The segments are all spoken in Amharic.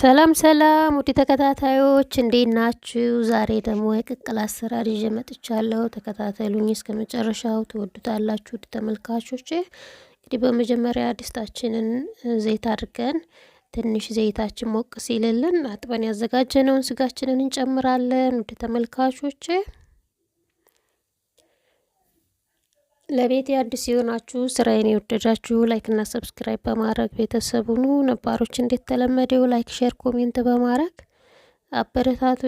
ሰላም ሰላም ውድ ተከታታዮች እንዴት ናችሁ? ዛሬ ደግሞ የቅቅል አሰራር ይዤ መጥቻለሁ። ተከታተሉኝ እስከ መጨረሻው ትወዱታላችሁ። ውድ ተመልካቾች እንግዲህ በመጀመሪያ ድስታችንን ዘይት አድርገን ትንሽ ዘይታችን ሞቅ ሲልልን አጥበን ያዘጋጀነውን ስጋችንን እንጨምራለን። ውድ ተመልካቾች ለቤት አዲስ የሆናችሁ ስራዬን የወደዳችሁ ላይክና ሰብስክራይብ በማድረግ ቤተሰብ ሁኑ። ነባሮች እንደተለመደው ላይክ፣ ሼር፣ ኮሜንት በማድረግ አበረታቱ።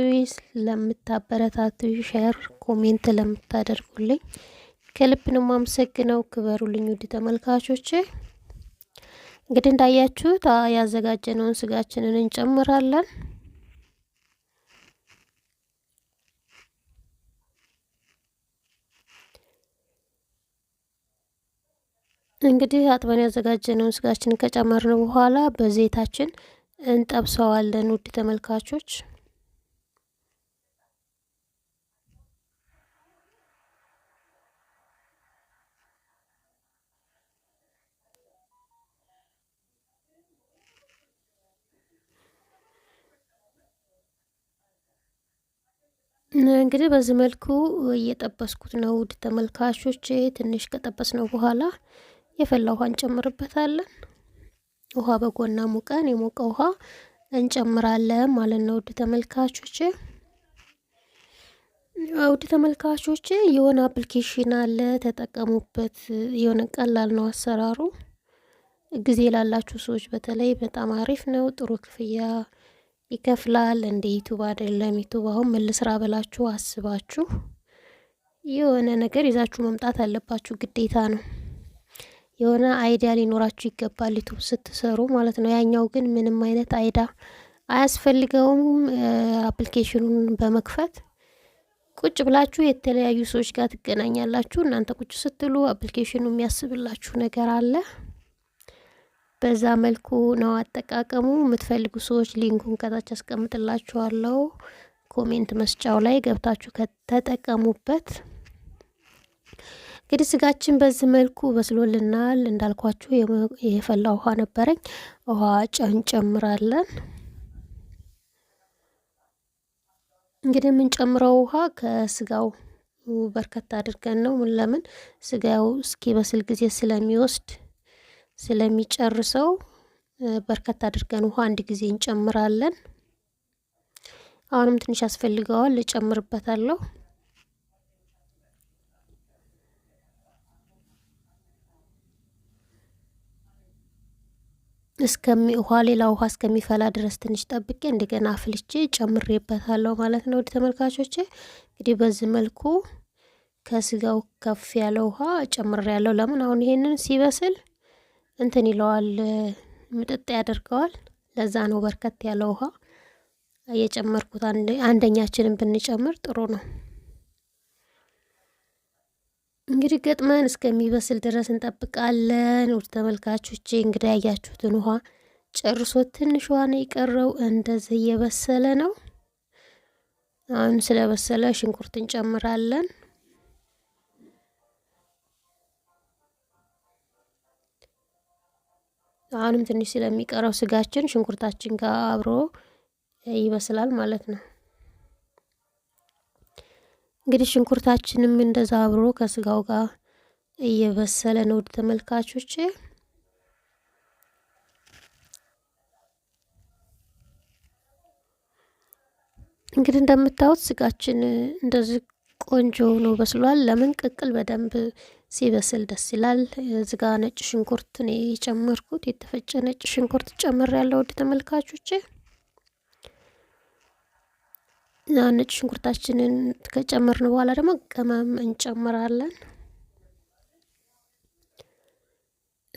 ለምታበረታቱ ሼር፣ ኮሜንት ለምታደርጉልኝ ከልብ ነው ማመሰግነው። ክበሩልኝ ውድ ተመልካቾች። እንግዲህ እንዳያችሁት ያዘጋጀነውን ስጋችንን እንጨምራለን። እንግዲህ አጥበን ያዘጋጀነውን ስጋችን ከጨመርነው በኋላ በዘይታችን እንጠብሰዋለን። ውድ ተመልካቾች እንግዲህ በዚህ መልኩ እየጠበስኩት ነው። ውድ ተመልካቾች ትንሽ ከጠበስ ነው በኋላ የፈላ ውሃ እንጨምርበታለን። ውሃ በጎና ሙቀን የሞቀ ውሃ እንጨምራለን ማለት ነው። ውድ ተመልካቾች ውድ ተመልካቾች የሆነ አፕሊኬሽን አለ ተጠቀሙበት። የሆነ ቀላል ነው አሰራሩ። ጊዜ ላላችሁ ሰዎች በተለይ በጣም አሪፍ ነው። ጥሩ ክፍያ ይከፍላል። እንደ ዩቱብ አይደለም። ዩቱብ አሁን ምን ልስራ ብላችሁ አስባችሁ የሆነ ነገር ይዛችሁ መምጣት አለባችሁ፣ ግዴታ ነው። የሆነ አይዲያ ሊኖራችሁ ይገባል ዩቱብ ስትሰሩ ማለት ነው። ያኛው ግን ምንም አይነት አይዳ አያስፈልገውም። አፕሊኬሽኑን በመክፈት ቁጭ ብላችሁ የተለያዩ ሰዎች ጋር ትገናኛላችሁ። እናንተ ቁጭ ስትሉ አፕሊኬሽኑ የሚያስብላችሁ ነገር አለ። በዛ መልኩ ነው አጠቃቀሙ። የምትፈልጉ ሰዎች ሊንኩን ከታች አስቀምጥላችኋለሁ። ኮሜንት መስጫው ላይ ገብታችሁ ከተጠቀሙበት እንግዲህ ስጋችን በዚህ መልኩ በስሎልናል። እንዳልኳችሁ የፈላ ውሃ ነበረኝ። ውሃ እንጨምራለን። እንግዲህ የምንጨምረው ውሃ ከስጋው በርከት አድርገን ነው። ምን ለምን ስጋው እስኪ በስል ጊዜ ስለሚወስድ ስለሚጨርሰው በርከት አድርገን ውሃ አንድ ጊዜ እንጨምራለን። አሁንም ትንሽ ያስፈልገዋል፣ እጨምርበታለሁ እስከሚ ውሃ ሌላ ውሃ እስከሚፈላ ድረስ ትንሽ ጠብቄ እንደገና አፍልቼ ጨምሬበታለሁ ማለት ነው። ወደ ተመልካቾቼ እንግዲህ በዚህ መልኩ ከስጋው ከፍ ያለ ውሃ ጨምሬ ያለው ለምን አሁን ይሄንን ሲበስል እንትን ይለዋል ምጥጥ ያደርገዋል። ለዛ ነው በርከት ያለ ውሃ የጨመርኩት። አንደኛችንን ብንጨምር ጥሩ ነው። እንግዲህ ገጥመን እስከሚበስል ድረስ እንጠብቃለን። ውድ ተመልካቾቼ እንግዲህ ያያችሁትን ውሃ ጨርሶ ትንሽ ውሃ ነው የቀረው። እንደዚህ እየበሰለ ነው። አሁን ስለበሰለ ሽንኩርት እንጨምራለን። አሁንም ትንሽ ስለሚቀረው ስጋችን ሽንኩርታችን ጋር አብሮ ይበስላል ማለት ነው። እንግዲህ ሽንኩርታችንም እንደዛ አብሮ ከስጋው ጋር እየበሰለ ነው። ውድ ተመልካቾች እንግዲህ እንደምታዩት ስጋችን እንደዚህ ቆንጆ ነው በስሏል። ለምን ቅቅል በደንብ ሲበስል ደስ ይላል። እዚጋ ነጭ ሽንኩርት ነው የጨመርኩት፣ የተፈጨ ነጭ ሽንኩርት ጨምር ያለው ውድ ተመልካቾች ነጭ ሽንኩርታችንን ከጨመርን በኋላ ደግሞ ቅመም እንጨምራለን።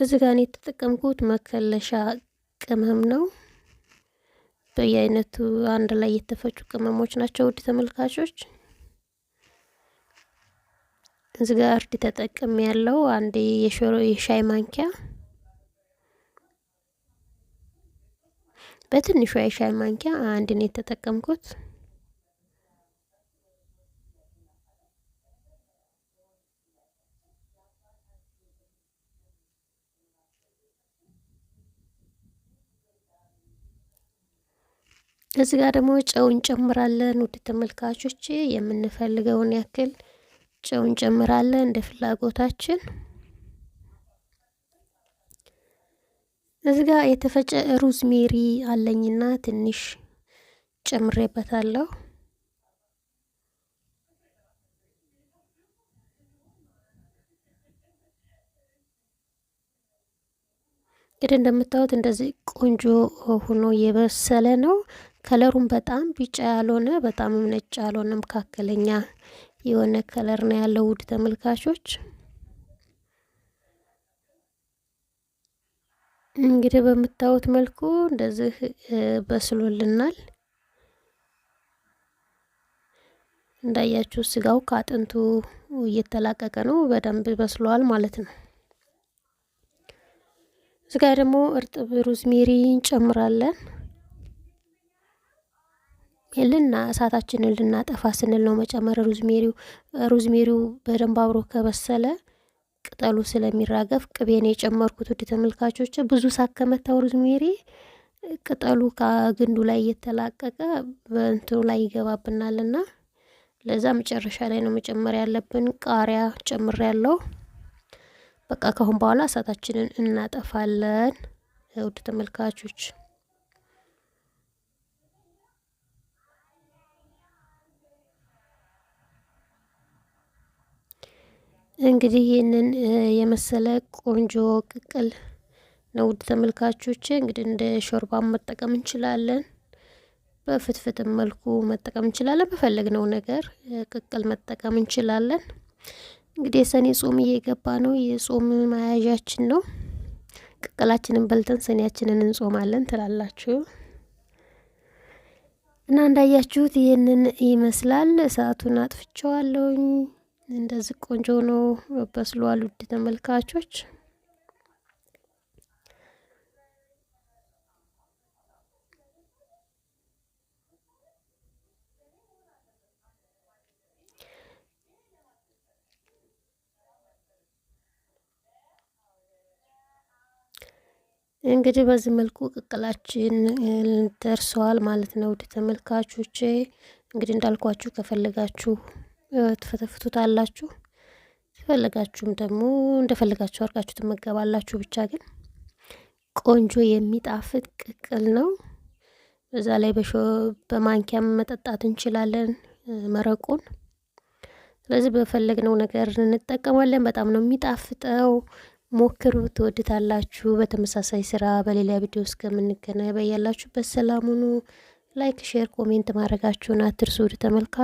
እዚህ ጋር የተጠቀምኩት መከለሻ ቅመም ነው። በየአይነቱ አንድ ላይ የተፈጩ ቅመሞች ናቸው። ውድ ተመልካቾች እዚህ ጋር እርድ ተጠቅም ያለው አንድ የሻይ ማንኪያ በትንሿ የሻይ ማንኪያ አንድ ነው የተጠቀምኩት። እዚህ ጋር ደግሞ ጨው እንጨምራለን። ውድ ተመልካቾች የምንፈልገውን ያክል ጨው እንጨምራለን እንደ ፍላጎታችን። እዚህ ጋር የተፈጨ ሩዝ ሜሪ አለኝና ትንሽ ጨምሬበታለሁ። እንግዲህ እንደምታዩት እንደዚህ ቆንጆ ሆኖ የበሰለ ነው። ከለሩም በጣም ቢጫ ያልሆነ በጣምም ነጭ ያልሆነ መካከለኛ የሆነ ከለር ነው ያለው። ውድ ተመልካቾች እንግዲህ በምታዩት መልኩ እንደዚህ በስሎልናል። እንዳያችሁ ስጋው ከአጥንቱ እየተላቀቀ ነው። በደንብ በስሏል ማለት ነው። እዚጋ ደግሞ እርጥብ ሩዝሜሪ እንጨምራለን። ልና እሳታችንን ልናጠፋ ስንል ነው መጨመር። ሩዝሜሪው ሩዝሜሪው በደንብ አብሮ ከበሰለ ቅጠሉ ስለሚራገፍ ቅቤን የጨመርኩት ውድ ተመልካቾች፣ ብዙ እሳት ከመታው ሩዝሜሪ ቅጠሉ ከግንዱ ላይ እየተላቀቀ በእንትኑ ላይ ይገባብናልና ለዛ መጨረሻ ላይ ነው መጨመር ያለብን። ቃሪያ ጨምር ያለው በቃ ከአሁን በኋላ እሳታችንን እናጠፋለን ውድ ተመልካቾች። እንግዲህ ይህንን የመሰለ ቆንጆ ቅቅል ነው ውድ ተመልካቾች። እንግዲህ እንደ ሾርባ መጠቀም እንችላለን፣ በፍትፍትም መልኩ መጠቀም እንችላለን፣ በፈለግነው ነገር ቅቅል መጠቀም እንችላለን። እንግዲህ የሰኔ ጾም እየገባ ነው። የጾም መያዣችን ነው። ቅቅላችንን በልተን ሰኔያችንን እንጾማለን ትላላችሁ እና እንዳያችሁት ይህንን ይመስላል። እሳቱን አጥፍቼዋለሁኝ። እንደዚህ ቆንጆ ነው በስሏል። ውድ ተመልካቾች እንግዲህ በዚህ መልኩ ቅቅላችን ደርሰዋል ማለት ነው። ውድ ተመልካቾቼ እንግዲህ እንዳልኳችሁ ከፈለጋችሁ ትፈተፍቱታላችሁ። ሲፈልጋችሁም ደግሞ እንደፈለጋችሁ አድርጋችሁ ትመገባላችሁ። ብቻ ግን ቆንጆ የሚጣፍጥ ቅቅል ነው። በዛ ላይ በማንኪያም መጠጣት እንችላለን መረቁን። ስለዚህ በፈለግነው ነገር እንጠቀማለን። በጣም ነው የሚጣፍጠው። ሞክሩ፣ ትወድታላችሁ። በተመሳሳይ ስራ በሌላ ቪዲዮ እስከምንገናኝ በያላችሁበት ሰላም ሁኑ። ላይክ፣ ሼር፣ ኮሜንት ማድረጋችሁን አትርሱ ተመልካች